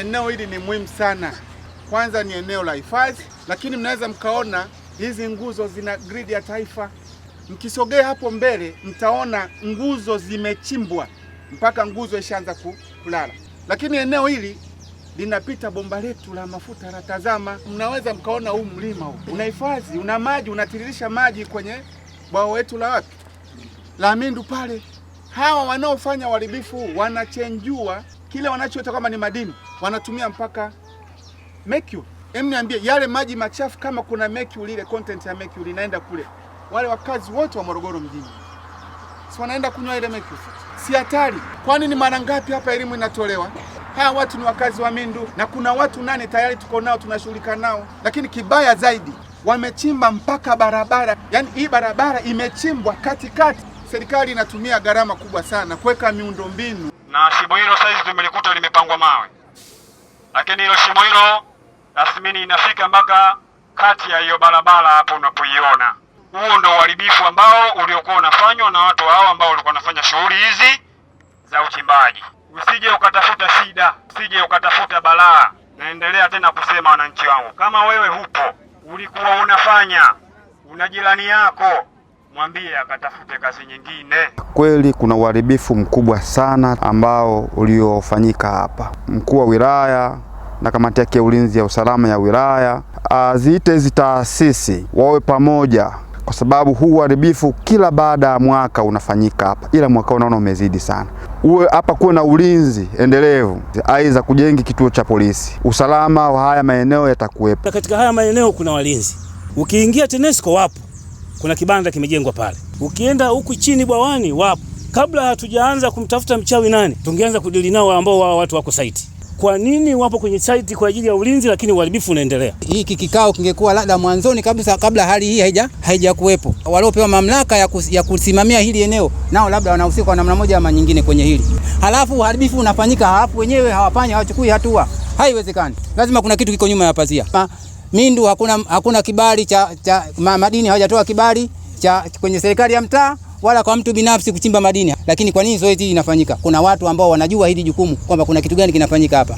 eneo hili ni muhimu sana. Kwanza ni eneo la hifadhi, lakini mnaweza mkaona hizi nguzo zina gridi ya taifa. Mkisogea hapo mbele, mtaona nguzo zimechimbwa mpaka nguzo ishaanza kulala, lakini eneo hili linapita bomba letu la mafuta la Tazama. Mnaweza mkaona huu mlima huu unahifadhi, una maji, unatiririsha maji kwenye bwawa wetu la wapi la Mindu pale. Hawa wanaofanya uharibifu wanachenjua kile wanachoita kama ni madini wanatumia mpaka mercury. Em, niambie yale maji machafu kama kuna mercury, ile content ya mercury inaenda kule, wale wakazi wote wa Morogoro mjini si wanaenda kunywa ile mercury? Si hatari? Kwani ni mara ngapi hapa elimu inatolewa? Hawa watu ni wakazi wa Mindu na kuna watu nane tayari tuko nao tunashughulika nao, lakini kibaya zaidi wamechimba mpaka barabara. Yaani hii barabara imechimbwa katikati. Serikali inatumia gharama kubwa sana kuweka miundombinu shimo hilo saizi tumelikuta limepangwa mawe, lakini hilo shimo hilo tathmini inafika mpaka kati ya hiyo barabara hapo unapoiona. Huo ndo uharibifu ambao uliokuwa unafanywa na watu hao ambao walikuwa wanafanya shughuli hizi za uchimbaji. Usije ukatafuta shida, usije ukatafuta balaa. Naendelea tena kusema wananchi wangu, kama wewe hupo, ulikuwa unafanya, una jirani yako mwambie akatafute kazi nyingine. Kweli kuna uharibifu mkubwa sana ambao uliofanyika hapa. Mkuu wa wilaya na kamati yake ya ulinzi ya usalama ya wilaya ah, ziite hizi taasisi wawe pamoja, kwa sababu huu uharibifu kila baada ya mwaka unafanyika hapa, ila mwaka unaona umezidi sana. Uwe hapa kuwe na ulinzi endelevu, aidha kujengi kituo cha polisi, usalama wa haya maeneo yatakuwepo. Katika haya maeneo kuna walinzi, ukiingia TANESCO wapo kuna kibanda kimejengwa pale. Ukienda huku chini bwawani, wapo. Kabla hatujaanza kumtafuta mchawi nani, tungeanza kudili nao ambao wao watu wako saiti. Kwa nini wapo kwenye site kwa ajili ya ulinzi, lakini uharibifu unaendelea? Hiki kikao kingekuwa labda mwanzoni kabisa, kabla hali hii haija haijakuwepo. Waliopewa mamlaka ya, kus, ya kusimamia hili eneo nao labda wanahusika kwa namna moja ama nyingine kwenye hili, halafu uharibifu unafanyika, halafu wenyewe hawafanyi, hawachukui hatua. Haiwezekani, lazima kuna kitu kiko nyuma ya pazia. Ah, Mindu hakuna, hakuna kibali cha, cha madini, hawajatoa kibali cha kwenye serikali ya mtaa wala kwa mtu binafsi kuchimba madini. Lakini kwa nini zoezi hili linafanyika? Kuna watu ambao wanajua hili jukumu kwamba kuna kitu gani kinafanyika hapa.